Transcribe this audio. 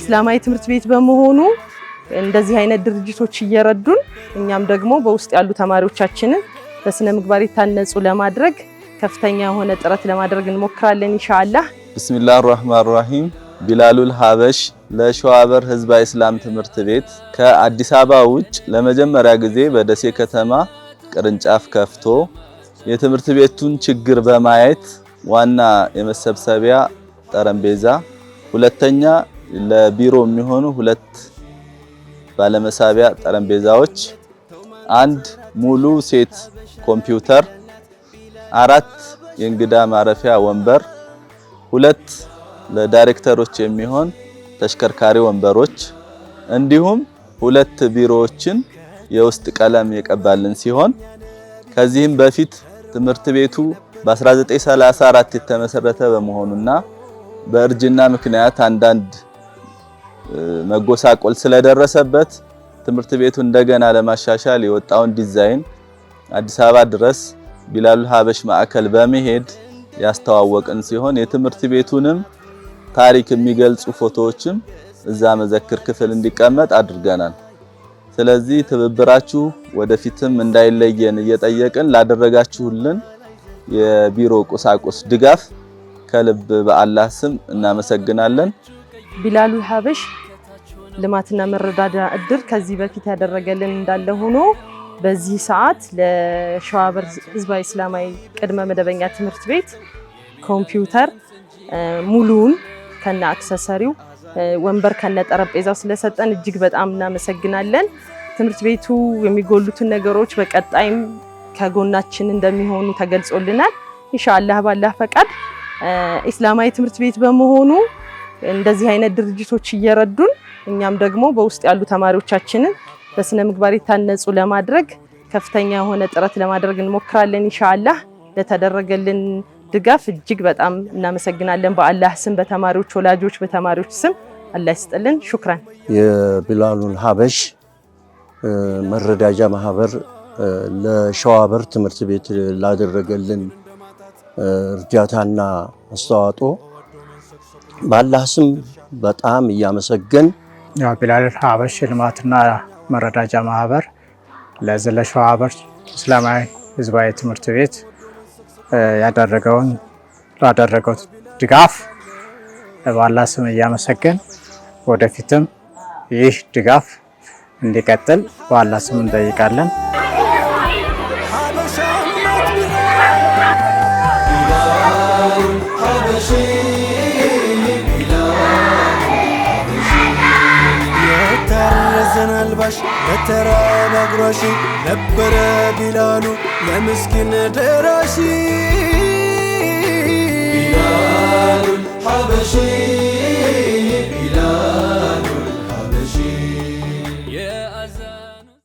ኢስላማዊ ትምህርት ቤት በመሆኑ እንደዚህ አይነት ድርጅቶች እየረዱን እኛም ደግሞ በውስጥ ያሉ ተማሪዎቻችንን በስነ ምግባር የታነጹ ለማድረግ ከፍተኛ የሆነ ጥረት ለማድረግ እንሞክራለን። ኢንሻአላህ። ብስሚላህ ራህማን ራሂም። ቢላሉል ሀበሽ ለሸዋበር ህዝባዊ እስላም ትምህርት ቤት ከአዲስ አበባ ውጭ ለመጀመሪያ ጊዜ በደሴ ከተማ ቅርንጫፍ ከፍቶ የትምህርት ቤቱን ችግር በማየት ዋና የመሰብሰቢያ ጠረጴዛ፣ ሁለተኛ ለቢሮ የሚሆኑ ሁለት ባለመሳቢያ ጠረጴዛዎች፣ አንድ ሙሉ ሴት ኮምፒውተር፣ አራት የእንግዳ ማረፊያ ወንበር፣ ሁለት ለዳይሬክተሮች የሚሆን ተሽከርካሪ ወንበሮች እንዲሁም ሁለት ቢሮዎችን የውስጥ ቀለም የቀባልን ሲሆን ከዚህም በፊት ትምህርት ቤቱ በ1934 የተመሰረተ በመሆኑና በእርጅና ምክንያት አንዳንድ መጎሳቆል ስለደረሰበት ትምህርት ቤቱ እንደገና ለማሻሻል የወጣውን ዲዛይን አዲስ አበባ ድረስ ቢላሉ ሀበሽ ማዕከል በመሄድ ያስተዋወቅን ሲሆን የትምህርት ቤቱንም ታሪክ የሚገልጹ ፎቶዎችም እዛ መዘክር ክፍል እንዲቀመጥ አድርገናል። ስለዚህ ትብብራችሁ ወደፊትም እንዳይለየን እየጠየቅን ላደረጋችሁልን የቢሮ ቁሳቁስ ድጋፍ ከልብ በአላህ ስም እናመሰግናለን። ቢላሉ ሀበሽ ልማትና መረዳዳ እድር ከዚህ በፊት ያደረገልን እንዳለ ሆኖ በዚህ ሰዓት ለሸዋበር ህዝባዊ እስላማዊ ቅድመ መደበኛ ትምህርት ቤት ኮምፒውተር ሙሉውን ከነ አክሰሰሪው ወንበር ከነ ጠረጴዛው ስለሰጠን እጅግ በጣም እናመሰግናለን። ትምህርት ቤቱ የሚጎሉትን ነገሮች በቀጣይም ከጎናችን እንደሚሆኑ ተገልጾልናል። ኢንሻአላህ ባላህ ፈቃድ ኢስላማዊ ትምህርት ቤት በመሆኑ እንደዚህ አይነት ድርጅቶች እየረዱን እኛም ደግሞ በውስጥ ያሉ ተማሪዎቻችንን በስነ ምግባር የታነጹ ለማድረግ ከፍተኛ የሆነ ጥረት ለማድረግ እንሞክራለን። ኢንሻአላህ ለተደረገልን ድጋፍ እጅግ በጣም እናመሰግናለን። በአላህ ስም፣ በተማሪዎች ወላጆች፣ በተማሪዎች ስም አላህ ይስጥልን። ሹክራን። የቢላሉል ሀበሽ መረዳጃ ማህበር ለሸዋበር ትምህርት ቤት ላደረገልን እርዳታና አስተዋጽኦ ባላህ ስም በጣም እያመሰገን ቢላልል ሀበሽ ልማትና መረዳጃ ማህበር ለዘለሸው ሀበር እስላማዊ ህዝባዊ ትምህርት ቤት ያደረገውን ላደረገው ድጋፍ ባላህ ስም እያመሰገን ወደፊትም ይህ ድጋፍ እንዲቀጥል ባላህ ስም እንጠይቃለን። አልባሽ ለተራ ነግሮሽ ነበረ ቢላሉ ለምስኪን ደራሽ ቢላሉል ሐበሺ